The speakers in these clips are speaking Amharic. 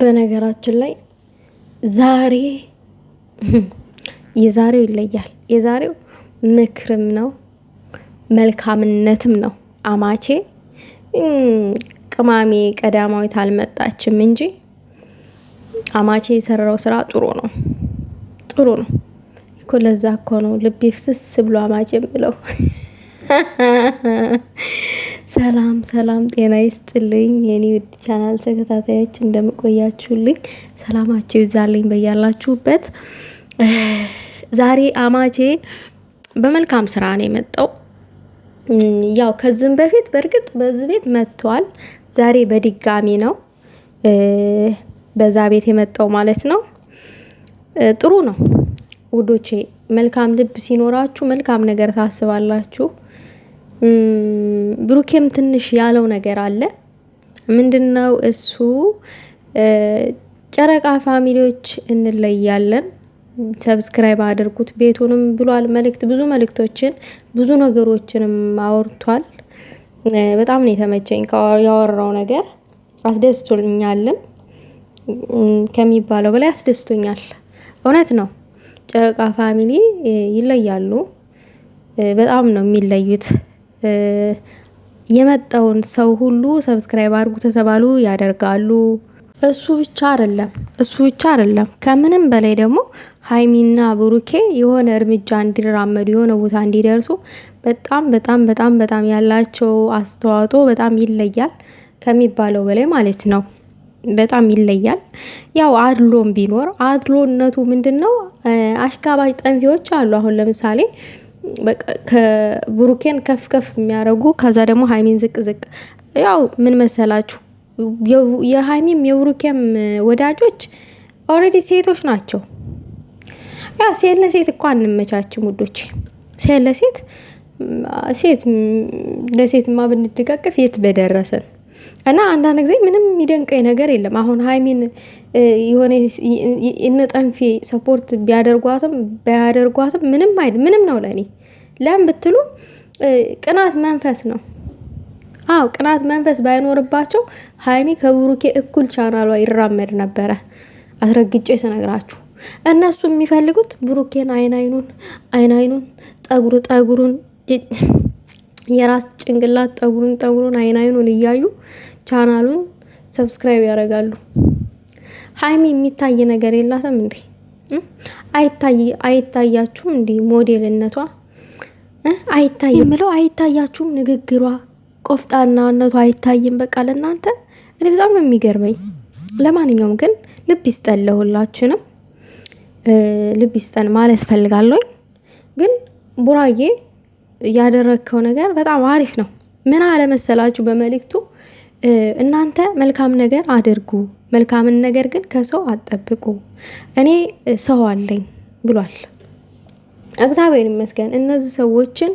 በነገራችን ላይ ዛሬ የዛሬው ይለያል። የዛሬው ምክርም ነው መልካምነትም ነው። አማቼ ቅማሜ ቀዳማዊት አልመጣችም እንጂ አማቼ የሰራው ስራ ጥሩ ነው፣ ጥሩ ነው እኮ። ለዛ እኮ ነው ልቤ ፍስስ ብሎ አማቼ ብለው ሰላም ሰላም፣ ጤና ይስጥልኝ የኔ ውድ ቻናል ተከታታዮች እንደምቆያችሁልኝ፣ ሰላማችሁ ይብዛልኝ በያላችሁበት። ዛሬ አማቼ በመልካም ስራ ነው የመጣው። ያው ከዚህም በፊት በእርግጥ በዚህ ቤት መጥቷል። ዛሬ በድጋሚ ነው በዛ ቤት የመጣው ማለት ነው። ጥሩ ነው ውዶቼ፣ መልካም ልብ ሲኖራችሁ መልካም ነገር ታስባላችሁ። ብሩኬም ትንሽ ያለው ነገር አለ። ምንድን ነው እሱ? ጨረቃ ፋሚሊዎች እንለያለን፣ ሰብስክራይብ አድርጉት ቤቱንም ብሏል። መልእክት ብዙ መልእክቶችን ብዙ ነገሮችንም አወርቷል። በጣም ነው የተመቸኝ ያወራው ነገር አስደስቶኛልም ከሚባለው በላይ አስደስቶኛል። እውነት ነው። ጨረቃ ፋሚሊ ይለያሉ። በጣም ነው የሚለዩት። የመጣውን ሰው ሁሉ ሰብስክራይብ አድርጉ ተተባሉ ያደርጋሉ። እሱ ብቻ አይደለም እሱ ብቻ አይደለም። ከምንም በላይ ደግሞ ሀይሚና ብሩኬ የሆነ እርምጃ እንዲራመዱ የሆነ ቦታ እንዲደርሱ በጣም በጣም በጣም በጣም ያላቸው አስተዋጽኦ በጣም ይለያል ከሚባለው በላይ ማለት ነው። በጣም ይለያል። ያው አድሎም ቢኖር አድሎነቱ ምንድን ነው? አሽቃባጭ ጠንፊዎች አሉ። አሁን ለምሳሌ ብሩኬን ከፍ ከፍ የሚያደርጉ ከዛ ደግሞ ሀይሚን ዝቅ ዝቅ ያው ምን መሰላችሁ የሀይሚም የብሩኬም ወዳጆች ኦልሬዲ ሴቶች ናቸው። ያው ሴት ለሴት እኮ አንመቻችም ውዶች። ሴት ለሴት ሴት ለሴትማ ብንደጋገፍ የት በደረሰን። እና አንዳንድ ጊዜ ምንም የሚደንቀኝ ነገር የለም። አሁን ሀይሚን የሆነ እነ ጠንፌ ሰፖርት ቢያደርጓትም ባያደርጓትም ምንም አይደል፣ ምንም ነው ለእኔ። ለምን ብትሉ ቅናት መንፈስ ነው። አዎ ቅናት መንፈስ ባይኖርባቸው ሀይሚ ከብሩኬ እኩል ቻናሏ ይራመድ ነበረ። አስረግጬ ስነግራችሁ እነሱ የሚፈልጉት ብሩኬን አይን አይኑን አይን አይኑን ጠጉሩ ጠጉሩን የራስ ጭንቅላት ጠጉሩን ጠጉሩን አይን አይኑን እያዩ ቻናሉን ሰብስክራይብ ያደርጋሉ። ሀይሚ የሚታይ ነገር የላትም እንዴ? አይታያችሁም እንዴ? ሞዴልነቷ አይታይ የምለው አይታያችሁም? ንግግሯ ቆፍጣናነቷ አይታይም። በቃ ለእናንተ እኔ በጣም ነው የሚገርመኝ። ለማንኛውም ግን ልብ ይስጠን፣ ለሁላችንም ልብ ይስጠን ማለት ፈልጋለኝ። ግን ቡራዬ ያደረግከው ነገር በጣም አሪፍ ነው። ምን አለመሰላችሁ በመልእክቱ እናንተ መልካም ነገር አድርጉ፣ መልካምን ነገር ግን ከሰው አጠብቁ እኔ ሰው አለኝ ብሏል። እግዚአብሔር ይመስገን እነዚህ ሰዎችን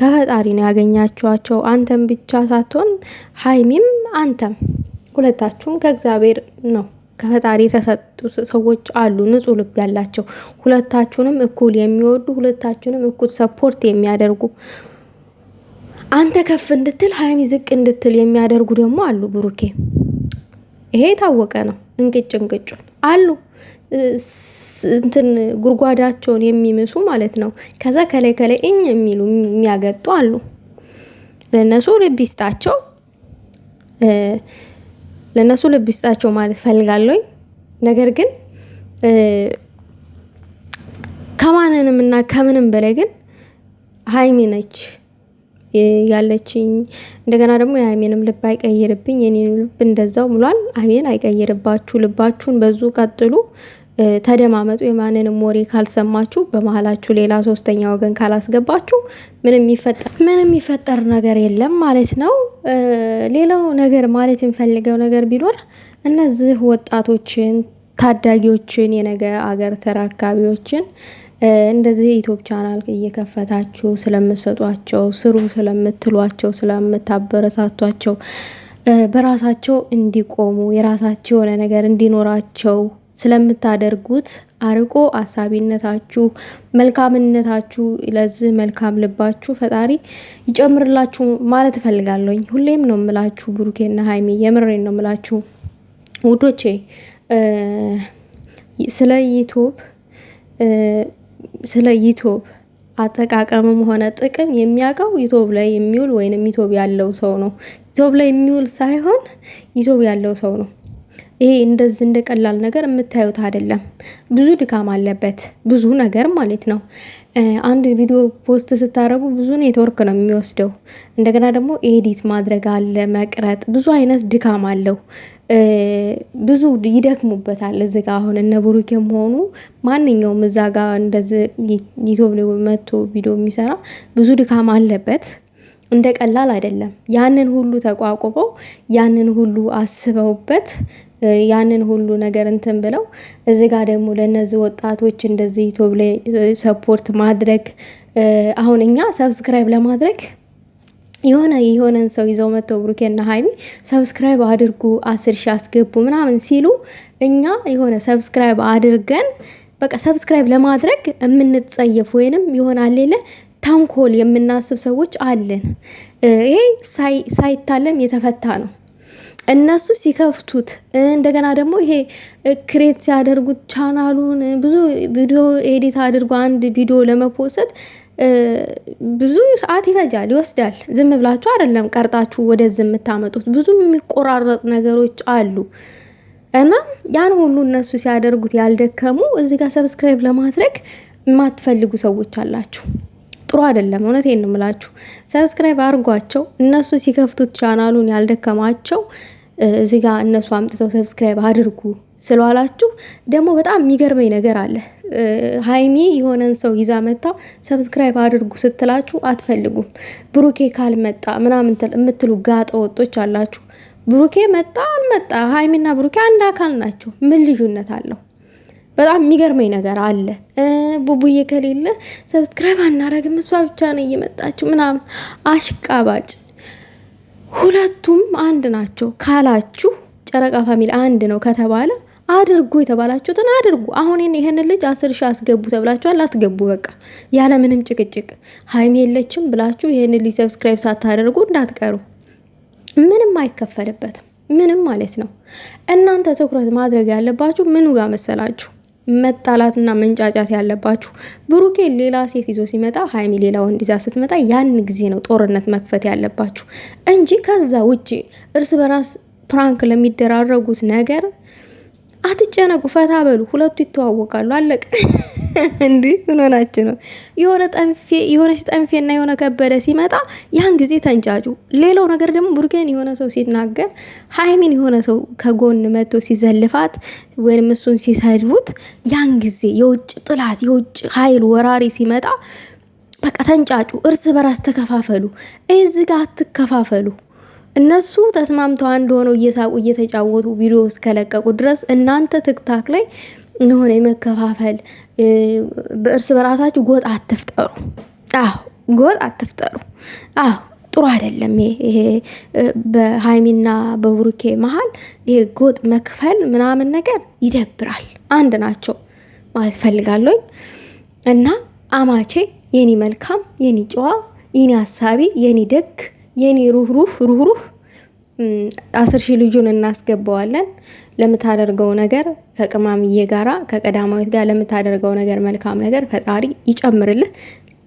ከፈጣሪ ነው ያገኛችኋቸው። አንተም ብቻ ሳትሆን ሀይሚም አንተም ሁለታችሁም ከእግዚአብሔር ነው ከፈጣሪ የተሰጡ ሰዎች አሉ፣ ንጹህ ልብ ያላቸው ሁለታችሁንም እኩል የሚወዱ ሁለታችሁንም እኩል ሰፖርት የሚያደርጉ አንተ ከፍ እንድትል ሀይሚ ዝቅ እንድትል የሚያደርጉ ደግሞ አሉ። ብሩኬ ይሄ የታወቀ ነው። እንቅጭ እንቅጩን አሉ እንትን ጉድጓዳቸውን የሚምሱ ማለት ነው። ከዛ ከላይ ከላይ እኝ የሚሉ የሚያገጡ አሉ። ለእነሱ ልብ ይስጣቸው፣ ለእነሱ ልብ ይስጣቸው ማለት ፈልጋለኝ። ነገር ግን ከማንንም እና ከምንም በላይ ግን ሀይሚ ነች። ያለችኝ እንደገና ደግሞ የአሜንም ልብ አይቀይርብኝ የኔን ልብ እንደዛው ምሏል። አሜን አይቀይርባችሁ፣ ልባችሁን በዙ ቀጥሉ፣ ተደማመጡ። የማንንም ወሬ ካልሰማችሁ፣ በመሀላችሁ ሌላ ሶስተኛ ወገን ካላስገባችሁ ምንም ይፈጠር ምንም ይፈጠር ነገር የለም ማለት ነው። ሌላው ነገር ማለት የምፈልገው ነገር ቢኖር እነዚህ ወጣቶችን ታዳጊዎችን የነገ አገር ተረካቢዎችን እንደዚህ ዩቱብ ቻናል እየከፈታችሁ ስለምትሰጧቸው ስሩ ስለምትሏቸው ስለምታበረታቷቸው በራሳቸው እንዲቆሙ የራሳቸው የሆነ ነገር እንዲኖራቸው ስለምታደርጉት አርቆ አሳቢነታችሁ፣ መልካምነታችሁ ለዚህ መልካም ልባችሁ ፈጣሪ ይጨምርላችሁ ማለት እፈልጋለሁኝ። ሁሌም ነው ምላችሁ ብሩኬና ሀይሚ የምሬን ነው ምላችሁ ውዶቼ ስለ ዩቱብ ስለ ዩቱብ አጠቃቀምም ሆነ ጥቅም የሚያውቀው ዩቱብ ላይ የሚውል ወይንም ዩቱብ ያለው ሰው ነው። ዩቱብ ላይ የሚውል ሳይሆን ዩቱብ ያለው ሰው ነው። ይሄ እንደዚህ እንደ ቀላል ነገር የምታዩት አይደለም። ብዙ ድካም አለበት፣ ብዙ ነገር ማለት ነው። አንድ ቪዲዮ ፖስት ስታረጉ ብዙ ኔትወርክ ነው የሚወስደው። እንደገና ደግሞ ኤዲት ማድረግ አለ፣ መቅረጥ፣ ብዙ አይነት ድካም አለው። ብዙ ይደክሙበታል። እዚህ ጋር አሁን እነ ብሩኬም ሆኑ ማንኛውም እዛ ጋር እንደዚ ዩቲዩብ መቶ ቪዲዮ የሚሰራ ብዙ ድካም አለበት። እንደ ቀላል አይደለም። ያንን ሁሉ ተቋቁመው ያንን ሁሉ አስበውበት ያንን ሁሉ ነገር እንትን ብለው እዚህ ጋር ደግሞ ለእነዚህ ወጣቶች እንደዚህ ዩቲዩብ ላይ ሰፖርት ማድረግ አሁን እኛ ሰብስክራይብ ለማድረግ የሆነ የሆነን ሰው ይዘው መጥተው ብሩኬና ሀይሚ ሰብስክራይብ አድርጉ አስር ሺ አስገቡ ምናምን ሲሉ እኛ የሆነ ሰብስክራይብ አድርገን በቃ ሰብስክራይብ ለማድረግ የምንጸየፍ ወይንም ይሆናል የለ ተንኮል የምናስብ ሰዎች አለን። ይሄ ሳይታለም የተፈታ ነው። እነሱ ሲከፍቱት እንደገና ደግሞ ይሄ ክሬት ሲያደርጉት ቻናሉን ብዙ ቪዲዮ ኤዲት አድርጎ አንድ ቪዲዮ ለመፖሰት ብዙ ሰዓት ይፈጃል፣ ይወስዳል። ዝም ብላችሁ አይደለም ቀርጣችሁ ወደዚህ የምታመጡት። ብዙ የሚቆራረጥ ነገሮች አሉ እና ያን ሁሉ እነሱ ሲያደርጉት ያልደከሙ እዚህ ጋር ሰብስክራይብ ለማድረግ የማትፈልጉ ሰዎች አላችሁ። ጥሩ አይደለም። እውነቴን ነው የምላችሁ። ሰብስክራይብ አድርጓቸው። እነሱ ሲከፍቱት ቻናሉን ያልደከማቸው እዚህ ጋር እነሱ አምጥተው ሰብስክራይብ አድርጉ ስለዋላችሁ ደግሞ በጣም የሚገርመኝ ነገር አለ። ሀይሚ የሆነን ሰው ይዛ መታ ሰብስክራይብ አድርጉ ስትላችሁ አትፈልጉም። ብሩኬ ካልመጣ ምናምን የምትሉ ጋጠ ወጦች አላችሁ። ብሩኬ መጣ አልመጣ ሀይሚና ብሩኬ አንድ አካል ናቸው። ምን ልዩነት አለው? በጣም የሚገርመኝ ነገር አለ። ቡቡዬ ከሌለ ሰብስክራይብ አናረግም፣ እሷ ብቻ ነው እየመጣችሁ ምናምን አሽቃባጭ። ሁለቱም አንድ ናቸው ካላችሁ ጨረቃ ፋሚሊ አንድ ነው ከተባለ አድርጉ የተባላችሁትን አድርጉ። አሁን ይህንን ልጅ አስር ሺህ አስገቡ ተብላችኋል፣ አስገቡ። በቃ ያለምንም ጭቅጭቅ ሀይሚ የለችም ብላችሁ ይህንን ልጅ ሰብስክራይብ ሳታደርጉ እንዳትቀሩ። ምንም አይከፈልበትም፣ ምንም ማለት ነው። እናንተ ትኩረት ማድረግ ያለባችሁ ምኑ ጋር መሰላችሁ? መጣላትና መንጫጫት ያለባችሁ ብሩኬ ሌላ ሴት ይዞ ሲመጣ ሀይሚ ሌላ ወንድ ይዛ ስትመጣ ያን ጊዜ ነው ጦርነት መክፈት ያለባችሁ እንጂ ከዛ ውጭ እርስ በራስ ፕራንክ ለሚደራረጉት ነገር አትጨነቁ፣ ፈታ በሉ። ሁለቱ ይተዋወቃሉ፣ አለቀ። እንዲህ ምን ሆናችሁ ነው? የሆነ ጠንፌ የሆነች ጠንፌና የሆነ ከበደ ሲመጣ ያን ጊዜ ተንጫጩ። ሌላው ነገር ደግሞ ቡርጌን የሆነ ሰው ሲናገር፣ ሀይሚን የሆነ ሰው ከጎን መጥቶ ሲዘልፋት ወይም እሱን ሲሰድቡት፣ ያን ጊዜ የውጭ ጥላት የውጭ ኃይል ወራሪ ሲመጣ በቃ ተንጫጩ፣ እርስ በራስ ተከፋፈሉ። እዚህ ጋር አትከፋፈሉ። እነሱ ተስማምተው አንድ ሆነው እየሳቁ እየተጫወቱ ቪዲዮ እስከለቀቁ ድረስ እናንተ ትክታክ ላይ የሆነ የመከፋፈል በእርስ በራሳችሁ ጎጥ አትፍጠሩ። አዎ ጎጥ አትፍጠሩ። አዎ ጥሩ አይደለም። ይሄ በሀይሚና በቡሩኬ መሀል ይሄ ጎጥ መክፈል ምናምን ነገር ይደብራል። አንድ ናቸው ማለት ፈልጋለኝ እና አማቼ የኔ መልካም፣ የኔ ጨዋ፣ የኔ አሳቢ፣ የኔ ደግ፣ የኔ ሩህሩህ ሩህሩህ አስር ሺህ ልጁን እናስገባዋለን ለምታደርገው ነገር ከቅማምዬ ጋራ ከቀዳማዊት ጋር ለምታደርገው ነገር መልካም ነገር ፈጣሪ ይጨምርልህ።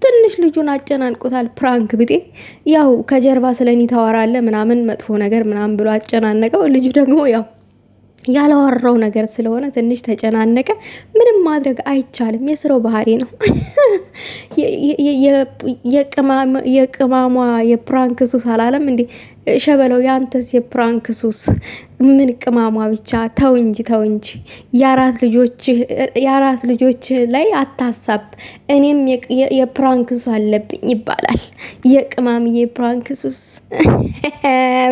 ትንሽ ልጁን አጨናንቆታል። ፕራንክ ብጤ ያው ከጀርባ ስለኒ ተዋራለ ምናምን መጥፎ ነገር ምናምን ብሎ አጨናነቀው። ልጁ ደግሞ ያው ያላወራው ነገር ስለሆነ ትንሽ ተጨናነቀ። ምንም ማድረግ አይቻልም። የስራው ባህሪ ነው። የቅማሟ የፕራንክ ሱስ አላለም እንዴ ሸበለው? የአንተስ የፕራንክ ሱስ ምን ቅማሟ ብቻ። ተው እንጂ ተው እንጂ የአራት ልጆች ላይ አታሳብ። እኔም የፕራንክ ሱስ አለብኝ ይባላል። የቅማም ፕራንክ ሱስ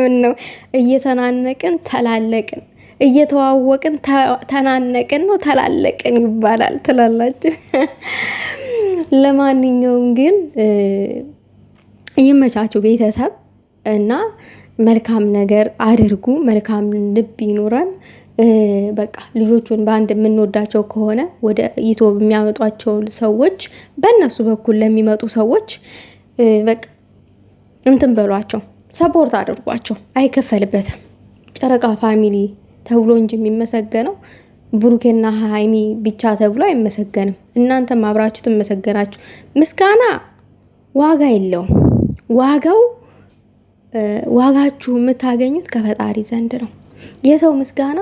ምን ነው? እየተናነቅን ተላለቅን። እየተዋወቅን ተናነቅን ነው ተላለቅን ይባላል ትላላችሁ። ለማንኛውም ግን ይመቻችሁ ቤተሰብ እና መልካም ነገር አድርጉ። መልካም ልብ ይኖረን። በቃ ልጆቹን በአንድ የምንወዳቸው ከሆነ ወደ ይቶ የሚያመጧቸውን ሰዎች በእነሱ በኩል ለሚመጡ ሰዎች በቃ እንትን በሏቸው፣ ሰፖርት አድርጓቸው። አይከፈልበትም። ጨረቃ ፋሚሊ ተብሎ እንጂ የሚመሰገነው ብሩኬና ሀይሚ ብቻ ተብሎ አይመሰገንም። እናንተም አብራችሁ ትመሰገናችሁ። ምስጋና ዋጋ የለውም። ዋጋው ዋጋችሁ የምታገኙት ከፈጣሪ ዘንድ ነው። የሰው ምስጋና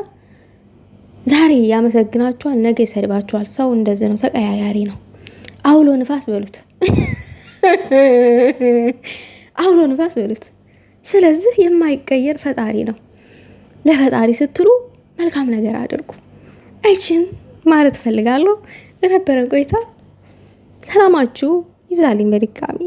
ዛሬ ያመሰግናችኋል፣ ነገ ይሰድባችኋል። ሰው እንደዚህ ነው፣ ተቀያያሪ ነው። አውሎ ንፋስ በሉት፣ አውሎ ንፋስ በሉት። ስለዚህ የማይቀየር ፈጣሪ ነው። ለፈጣሪ ስትሉ መልካም ነገር አድርጉ። አይችን ማለት ፈልጋለሁ። ለነበረን ቆይታ ሰላማችሁ ይብዛልኝ በድጋሚ